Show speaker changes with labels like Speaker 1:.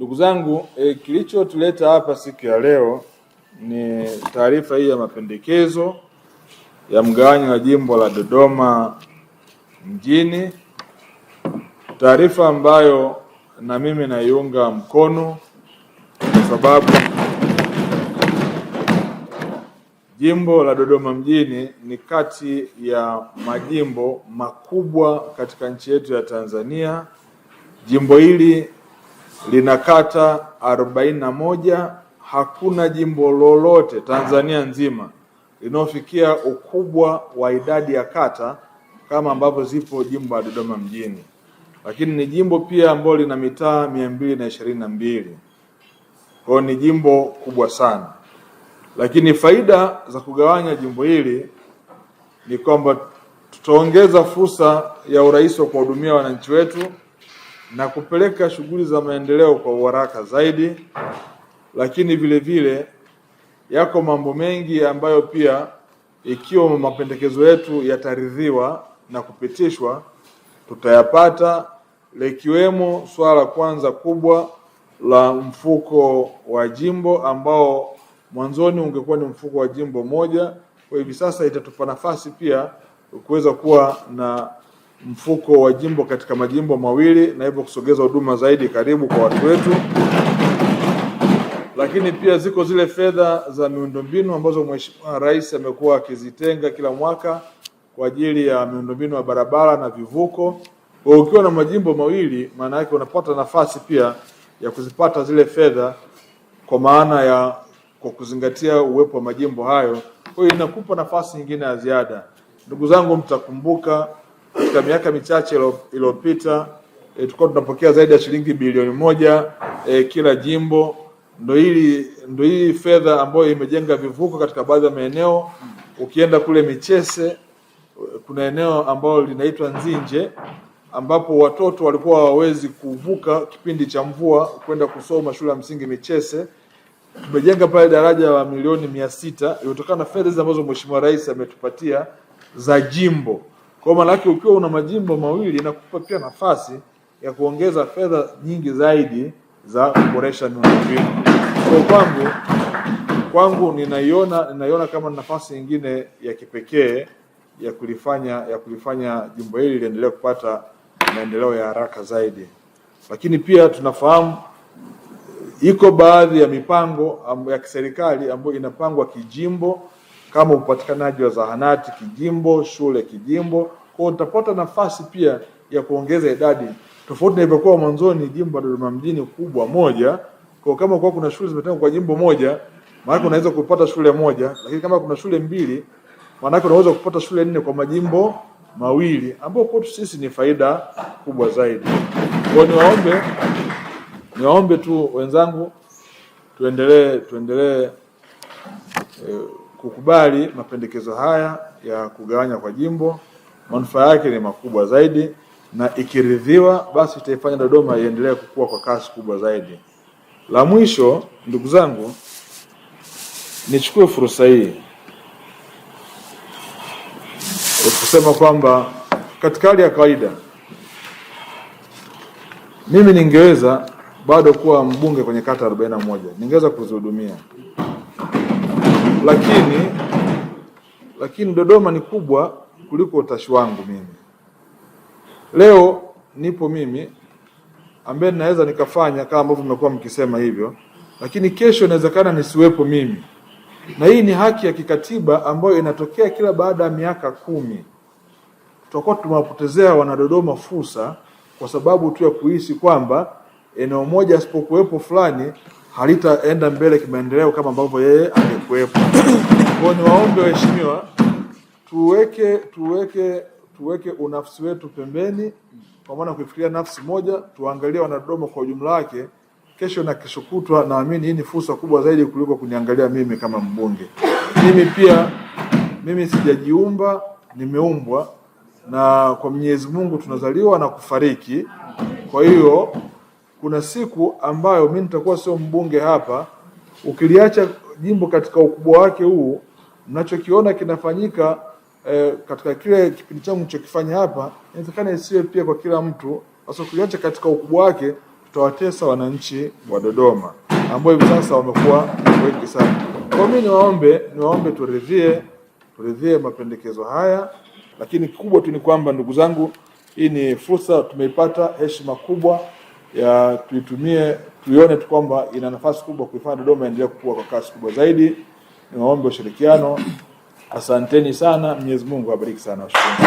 Speaker 1: Ndugu zangu e, kilichotuleta hapa siku ya leo ni taarifa hii ya mapendekezo ya mgawanyo wa jimbo la Dodoma mjini, taarifa ambayo na mimi naiunga mkono kwa sababu jimbo la Dodoma mjini ni kati ya majimbo makubwa katika nchi yetu ya Tanzania. Jimbo hili lina kata arobaini na moja. Hakuna jimbo lolote Tanzania nzima linaofikia ukubwa wa idadi ya kata kama ambavyo zipo jimbo la Dodoma mjini, lakini ni jimbo pia ambalo lina mitaa mia mbili na ishirini na mbili. Kwa hiyo ni jimbo kubwa sana, lakini faida za kugawanya jimbo hili ni kwamba tutaongeza fursa ya urahisi wa kuwahudumia wananchi wetu na kupeleka shughuli za maendeleo kwa uharaka zaidi, lakini vile vile yako mambo mengi ambayo pia ikiwa mapendekezo yetu yataridhiwa na kupitishwa tutayapata, likiwemo suala kwanza kubwa la mfuko wa jimbo ambao mwanzoni ungekuwa ni mfuko wa jimbo moja, kwa hivi sasa itatupa nafasi pia kuweza kuwa na mfuko wa jimbo katika majimbo mawili na hivyo kusogeza huduma zaidi karibu kwa watu wetu. Lakini pia ziko zile fedha za miundombinu ambazo Mheshimiwa Rais amekuwa akizitenga kila mwaka kwa ajili ya miundombinu ya barabara na vivuko. Kwa ukiwa na majimbo mawili, maana yake unapata nafasi pia ya kuzipata zile fedha kwa maana ya kwa kuzingatia uwepo wa majimbo hayo. Kwa hiyo inakupa nafasi nyingine ya ziada. Ndugu zangu, mtakumbuka katika miaka michache iliyopita e, tulikuwa tunapokea zaidi ya shilingi bilioni moja e, kila jimbo. Ndo hili ndo hii fedha ambayo imejenga vivuko katika baadhi ya maeneo. Ukienda kule Michese kuna eneo ambalo linaitwa Nzinje ambapo watoto walikuwa hawawezi kuvuka kipindi cha mvua kwenda kusoma shule ya msingi Michese. Tumejenga pale daraja la milioni mia sita iliyotokana na fedha ambazo Mheshimiwa Rais ametupatia za jimbo. Kwa maana yake ukiwa una majimbo mawili inakupa pia nafasi ya kuongeza fedha nyingi zaidi za kuboresha miundombinu. Kwa kwangu kwangu ninaiona ninaiona kama nafasi nyingine ya kipekee ya kulifanya ya kulifanya jimbo hili liendelee kupata maendeleo ya haraka zaidi. Lakini pia tunafahamu iko baadhi ya mipango ya kiserikali ambayo inapangwa kijimbo kama upatikanaji wa zahanati kijimbo, shule kijimbo. Kwa utapata nafasi pia ya kuongeza idadi tofauti na ilivyokuwa mwanzoni, jimbo la Dodoma mjini kubwa moja. Kwa kama kwa kuna shule zimetengwa kwa jimbo moja, maana unaweza kupata shule moja, lakini kama kuna shule mbili, maana unaweza kupata shule nne kwa majimbo mawili, ambao kwetu sisi ni faida kubwa zaidi. Kwa niwaombe niwaombe tu wenzangu, tuendelee tuendelee eh, kukubali mapendekezo haya ya kugawanya kwa jimbo, manufaa yake ni makubwa zaidi, na ikiridhiwa, basi itaifanya Dodoma iendelee kukua kwa kasi kubwa zaidi. La mwisho, ndugu zangu, nichukue fursa hii kusema kwamba katika hali ya kawaida mimi ningeweza bado kuwa mbunge kwenye kata 41 ningeweza kuzihudumia lakini lakini Dodoma ni kubwa kuliko utashi wangu mimi. Leo nipo mimi ambaye naweza nikafanya kama ambavyo mmekuwa mkisema hivyo, lakini kesho inawezekana nisiwepo mimi, na hii ni haki ya kikatiba ambayo inatokea kila baada ya miaka kumi. Tutakuwa tumewapotezea wanadodoma fursa kwa sababu tu ya kuhisi kwamba eneo moja asipokuwepo fulani halitaenda mbele kimaendeleo kama ambavyo yeye angekuwepo. Kwa ni waombe waheshimiwa, tuweke tuweke tuweke unafsi wetu pembeni, kwa maana kuifikiria nafsi moja, tuangalie wanadodoma kwa ujumla wake kesho na kesho kutwa. Naamini hii ni fursa kubwa zaidi kuliko kuniangalia mimi kama mbunge. Mimi pia mimi sijajiumba, nimeumbwa na kwa Mwenyezi Mungu, tunazaliwa na kufariki. Kwa hiyo kuna siku ambayo mi nitakuwa sio mbunge hapa. Ukiliacha jimbo katika ukubwa wake huu, mnachokiona kinafanyika e, katika kile kipindi changu nichokifanya hapa, inawezekana isiwe pia kwa kila mtu. Sasa ukiliacha katika ukubwa wake, tutawatesa wananchi wa Dodoma ambao hivi sasa wamekuwa wengi sana. Kwa mimi niwaombe, niwaombe turidhie, turidhie mapendekezo haya, lakini kikubwa tu ni kwamba, ndugu zangu, hii ni fursa tumeipata, heshima kubwa ya tuitumie, tuione tu kwamba ina nafasi kubwa kuifanya Dodoma endelee kukua kwa kasi kubwa zaidi. Ni waombe ushirikiano. Asanteni sana. Mwenyezi Mungu awabariki sana washukuru.